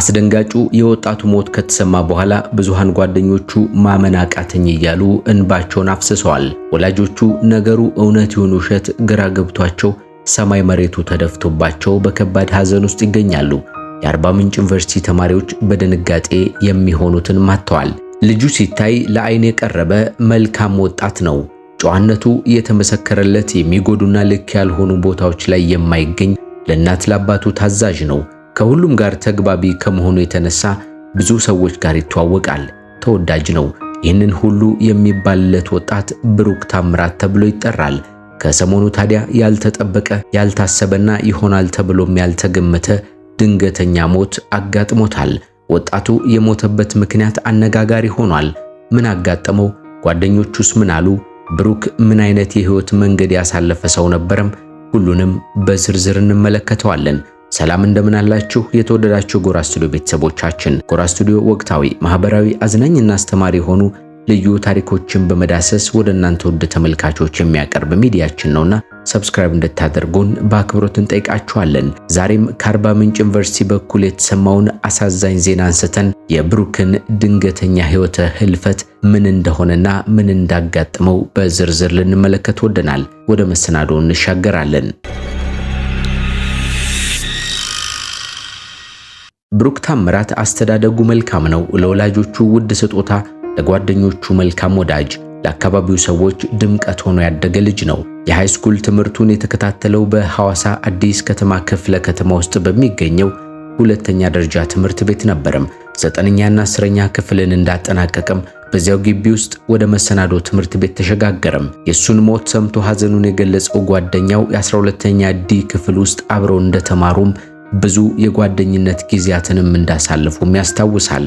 አስደንጋጩ የወጣቱ ሞት ከተሰማ በኋላ ብዙሃን ጓደኞቹ ማመን አቃተኝ እያሉ እንባቸውን አፍስሰዋል። ወላጆቹ ነገሩ እውነት ይሁን ውሸት ግራ ገብቷቸው ሰማይ መሬቱ ተደፍቶባቸው በከባድ ሐዘን ውስጥ ይገኛሉ። የአርባ ምንጭ ዩኒቨርሲቲ ተማሪዎች በድንጋጤ የሚሆኑትን ማጥተዋል። ልጁ ሲታይ ለአይን የቀረበ መልካም ወጣት ነው። ጨዋነቱ የተመሰከረለት የሚጎዱና ልክ ያልሆኑ ቦታዎች ላይ የማይገኝ ለእናት ለአባቱ ታዛዥ ነው። ከሁሉም ጋር ተግባቢ ከመሆኑ የተነሳ ብዙ ሰዎች ጋር ይተዋወቃል፣ ተወዳጅ ነው። ይህንን ሁሉ የሚባልለት ወጣት ብሩክ ታምራት ተብሎ ይጠራል። ከሰሞኑ ታዲያ ያልተጠበቀ ያልታሰበና ይሆናል ተብሎም ያልተገመተ ድንገተኛ ሞት አጋጥሞታል። ወጣቱ የሞተበት ምክንያት አነጋጋሪ ሆኗል። ምን አጋጠመው? ጓደኞቹስ ምን አሉ? ብሩክ ምን አይነት የህይወት መንገድ ያሳለፈ ሰው ነበረም? ሁሉንም በዝርዝር እንመለከተዋለን። ሰላም እንደምን አላችሁ? የተወደዳችሁ ጎራ ስቱዲዮ ቤተሰቦቻችን፣ ጎራ ስቱዲዮ ወቅታዊ፣ ማህበራዊ፣ አዝናኝና አስተማሪ የሆኑ ልዩ ታሪኮችን በመዳሰስ ወደ እናንተ ውድ ተመልካቾች የሚያቀርብ ሚዲያችን ነውና ሰብስክራይብ እንድታደርጉን በአክብሮት እንጠይቃችኋለን። ዛሬም ከአርባ ምንጭ ዩኒቨርሲቲ በኩል የተሰማውን አሳዛኝ ዜና አንስተን የብሩክን ድንገተኛ ህይወተ ህልፈት ምን እንደሆነና ምን እንዳጋጠመው በዝርዝር ልንመለከት ወደናል። ወደ መሰናዶ እንሻገራለን። ብሩክ ታምራት አስተዳደጉ መልካም ነው። ለወላጆቹ ውድ ስጦታ፣ ለጓደኞቹ መልካም ወዳጅ፣ ለአካባቢው ሰዎች ድምቀት ሆኖ ያደገ ልጅ ነው። የሃይስኩል ትምህርቱን የተከታተለው በሐዋሳ አዲስ ከተማ ክፍለ ከተማ ውስጥ በሚገኘው ሁለተኛ ደረጃ ትምህርት ቤት ነበርም። ዘጠነኛና አስረኛ ክፍልን እንዳጠናቀቀም በዚያው ግቢ ውስጥ ወደ መሰናዶ ትምህርት ቤት ተሸጋገረም። የሱን ሞት ሰምቶ ሐዘኑን የገለጸው ጓደኛው የ12ተኛ ዲ ክፍል ውስጥ አብረው እንደተማሩም ብዙ የጓደኝነት ጊዜያትንም እንዳሳለፉም ያስታውሳል።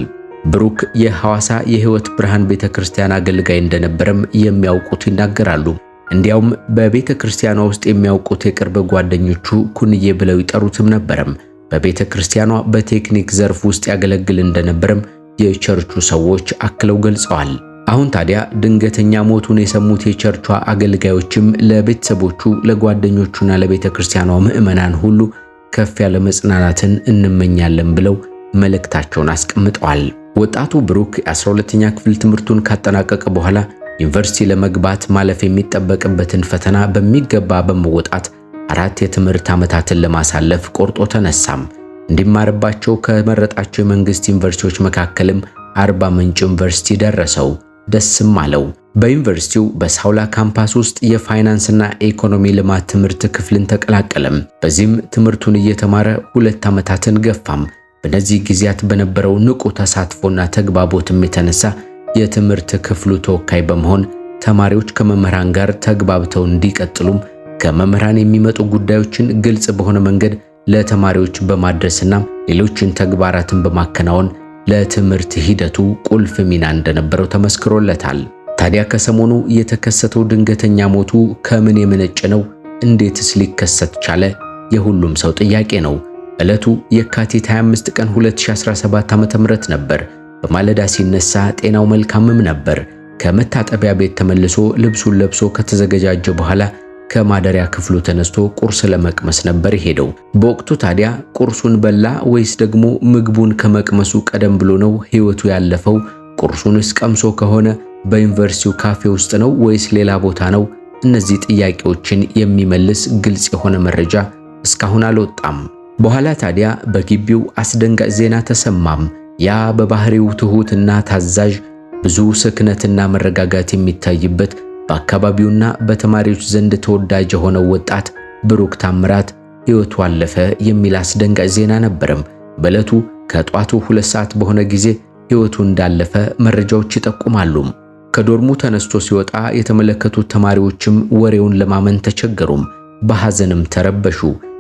ብሩክ የሐዋሳ የሕይወት ብርሃን ቤተ ክርስቲያን አገልጋይ እንደነበረም የሚያውቁት ይናገራሉ። እንዲያውም በቤተ ክርስቲያኗ ውስጥ የሚያውቁት የቅርብ ጓደኞቹ ኩንዬ ብለው ይጠሩትም ነበረም። በቤተ ክርስቲያኗ በቴክኒክ ዘርፍ ውስጥ ያገለግል እንደነበረም የቸርቹ ሰዎች አክለው ገልጸዋል። አሁን ታዲያ ድንገተኛ ሞቱን የሰሙት የቸርቿ አገልጋዮችም ለቤተሰቦቹ፣ ለጓደኞቹና ለቤተ ክርስቲያኗ ምዕመናን ሁሉ ከፍ ያለ መጽናናትን እንመኛለን ብለው መልእክታቸውን አስቀምጠዋል። ወጣቱ ብሩክ የ12ኛ ክፍል ትምህርቱን ካጠናቀቀ በኋላ ዩኒቨርሲቲ ለመግባት ማለፍ የሚጠበቅበትን ፈተና በሚገባ በመወጣት አራት የትምህርት ዓመታትን ለማሳለፍ ቆርጦ ተነሳም። እንዲማርባቸው ከመረጣቸው የመንግስት ዩኒቨርሲቲዎች መካከልም አርባ ምንጭ ዩኒቨርሲቲ ደረሰው፣ ደስም አለው። በዩኒቨርሲቲው በሳውላ ካምፓስ ውስጥ የፋይናንስና ኢኮኖሚ ልማት ትምህርት ክፍልን ተቀላቀለም። በዚህም ትምህርቱን እየተማረ ሁለት ዓመታትን ገፋም። በነዚህ ጊዜያት በነበረው ንቁ ተሳትፎና ተግባቦትም የተነሳ የትምህርት ክፍሉ ተወካይ በመሆን ተማሪዎች ከመምህራን ጋር ተግባብተው እንዲቀጥሉም ከመምህራን የሚመጡ ጉዳዮችን ግልጽ በሆነ መንገድ ለተማሪዎች በማድረስና ሌሎችን ተግባራትን በማከናወን ለትምህርት ሂደቱ ቁልፍ ሚና እንደነበረው ተመስክሮለታል። ታዲያ ከሰሞኑ የተከሰተው ድንገተኛ ሞቱ ከምን የመነጨ ነው? እንዴትስ ሊከሰት ቻለ? የሁሉም ሰው ጥያቄ ነው። ዕለቱ የካቲት 25 ቀን 2017 ዓ.ም ነበር። በማለዳ ሲነሳ ጤናው መልካምም ነበር። ከመታጠቢያ ቤት ተመልሶ ልብሱን ለብሶ ከተዘገጃጀ በኋላ ከማደሪያ ክፍሉ ተነስቶ ቁርስ ለመቅመስ ነበር ሄደው። በወቅቱ ታዲያ ቁርሱን በላ ወይስ ደግሞ ምግቡን ከመቅመሱ ቀደም ብሎ ነው ሕይወቱ ያለፈው? ቁርሱንስ ቀምሶ ከሆነ በዩኒቨርሲቲው ካፌ ውስጥ ነው ወይስ ሌላ ቦታ ነው? እነዚህ ጥያቄዎችን የሚመልስ ግልጽ የሆነ መረጃ እስካሁን አልወጣም። በኋላ ታዲያ በግቢው አስደንጋጭ ዜና ተሰማም። ያ በባህሪው ትሁትና ታዛዥ ብዙ ስክነትና መረጋጋት የሚታይበት በአካባቢውና በተማሪዎች ዘንድ ተወዳጅ የሆነው ወጣት ብሩክ ታምራት ሕይወቱ አለፈ የሚል አስደንጋጭ ዜና ነበረም። በዕለቱ ከጧቱ ሁለት ሰዓት በሆነ ጊዜ ሕይወቱ እንዳለፈ መረጃዎች ይጠቁማሉ። ከዶርሙ ተነስቶ ሲወጣ የተመለከቱት ተማሪዎችም ወሬውን ለማመን ተቸገሩም፣ በሐዘንም ተረበሹ።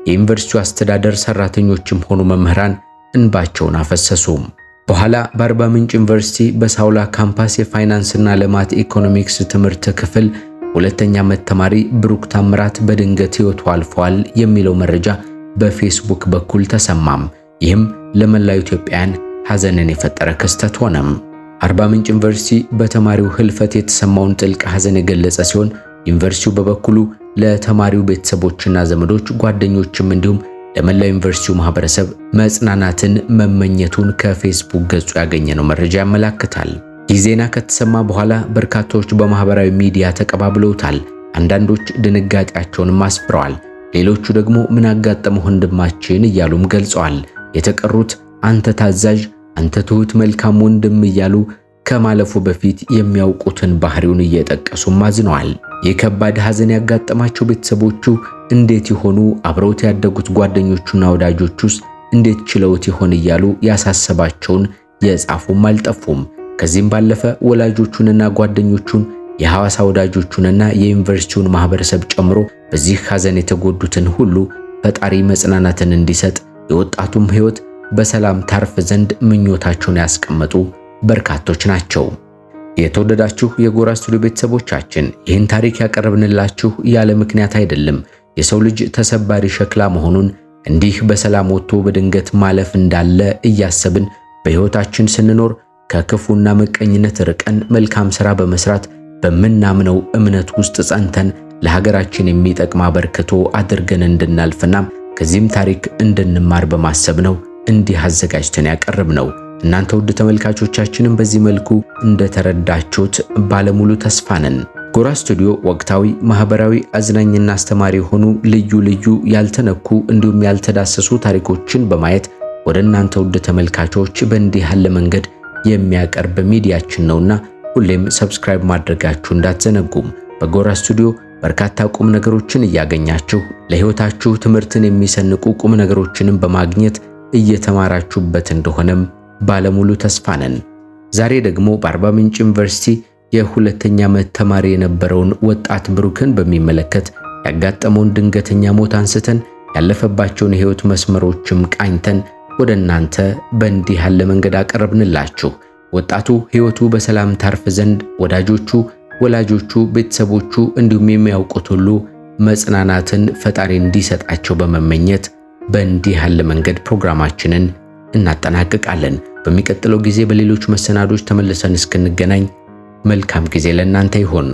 የዩኒቨርሲቲው አስተዳደር ሰራተኞችም ሆኑ መምህራን እንባቸውን አፈሰሱ። በኋላ በአርባ ምንጭ ዩኒቨርሲቲ በሳውላ ካምፓስ የፋይናንስና ልማት ኢኮኖሚክስ ትምህርት ክፍል ሁለተኛ ዓመት ተማሪ ብሩክ ታምራት በድንገት ሕይወቱ አልፏል የሚለው መረጃ በፌስቡክ በኩል ተሰማም። ይህም ለመላው ኢትዮጵያን ሐዘንን የፈጠረ ክስተት ሆነም። አርባ ምንጭ ዩኒቨርሲቲ በተማሪው ህልፈት የተሰማውን ጥልቅ ሐዘን የገለጸ ሲሆን ዩኒቨርሲቲው በበኩሉ ለተማሪው ቤተሰቦችና ዘመዶች፣ ጓደኞችም እንዲሁም ለመላው ዩኒቨርሲቲው ማህበረሰብ መጽናናትን መመኘቱን ከፌስቡክ ገጹ ያገኘነው መረጃ ያመላክታል። ይህ ዜና ከተሰማ በኋላ በርካታዎች በማህበራዊ ሚዲያ ተቀባብለውታል። አንዳንዶች ድንጋጤያቸውንም አስፍረዋል። ሌሎቹ ደግሞ ምን አጋጠመው ወንድማችን እያሉም ገልጸዋል። የተቀሩት አንተ ታዛዥ፣ አንተ ትሁት፣ መልካም ወንድም እያሉ ከማለፉ በፊት የሚያውቁትን ባህሪውን እየጠቀሱም አዝነዋል። የከባድ ሐዘን ያጋጠማቸው ቤተሰቦቹ እንዴት ይሆኑ፣ አብረውት ያደጉት ጓደኞቹና ወዳጆቹስ እንዴት ችለውት ይሆን እያሉ ያሳሰባቸውን የጻፉም አልጠፉም። ከዚህም ባለፈ ወላጆቹንና ጓደኞቹን የሐዋሳ ወዳጆቹንና የዩኒቨርሲቲውን ማህበረሰብ ጨምሮ በዚህ ሐዘን የተጎዱትን ሁሉ ፈጣሪ መጽናናትን እንዲሰጥ የወጣቱም ሕይወት በሰላም ታርፍ ዘንድ ምኞታቸውን ያስቀመጡ በርካቶች ናቸው። የተወደዳችሁ የጎራ ስቱዲዮ ቤተሰቦቻችን ይህን ታሪክ ያቀረብንላችሁ ያለ ምክንያት አይደለም። የሰው ልጅ ተሰባሪ ሸክላ መሆኑን እንዲህ በሰላም ወጥቶ በድንገት ማለፍ እንዳለ እያሰብን በሕይወታችን ስንኖር ከክፉና ምቀኝነት ርቀን መልካም ሥራ በመስራት በምናምነው እምነት ውስጥ ጸንተን ለሀገራችን የሚጠቅም አበርክቶ አድርገን እንድናልፍና ከዚህም ታሪክ እንድንማር በማሰብ ነው እንዲህ አዘጋጅተን ያቀርብ ነው። እናንተ ውድ ተመልካቾቻችንም በዚህ መልኩ እንደተረዳችሁት ባለሙሉ ተስፋ ነን። ጎራ ስቱዲዮ ወቅታዊ፣ ማህበራዊ፣ አዝናኝና አስተማሪ የሆኑ ልዩ ልዩ ያልተነኩ እንዲሁም ያልተዳሰሱ ታሪኮችን በማየት ወደ እናንተ ውድ ተመልካቾች በእንዲህ ያለ መንገድ የሚያቀርብ ሚዲያችን ነውና ሁሌም ሰብስክራይብ ማድረጋችሁ እንዳትዘነጉም። በጎራ ስቱዲዮ በርካታ ቁም ነገሮችን እያገኛችሁ ለህይወታችሁ ትምህርትን የሚሰንቁ ቁም ነገሮችንም በማግኘት እየተማራችሁበት እንደሆነም ባለሙሉ ተስፋ ነን። ዛሬ ደግሞ በአርባ ምንጭ ዩኒቨርሲቲ የሁለተኛ ዓመት ተማሪ የነበረውን ወጣት ብሩክን በሚመለከት ያጋጠመውን ድንገተኛ ሞት አንስተን ያለፈባቸውን የህይወት መስመሮችም ቃኝተን ወደ እናንተ በእንዲህ ያለ መንገድ አቀረብንላችሁ። ወጣቱ ሕይወቱ በሰላም ታርፍ ዘንድ ወዳጆቹ፣ ወላጆቹ፣ ቤተሰቦቹ እንዲሁም የሚያውቁት ሁሉ መጽናናትን ፈጣሪ እንዲሰጣቸው በመመኘት በእንዲህ ያለ መንገድ ፕሮግራማችንን እናጠናቅቃለን። በሚቀጥለው ጊዜ በሌሎች መሰናዶች ተመልሰን እስክንገናኝ መልካም ጊዜ ለእናንተ ይሆን።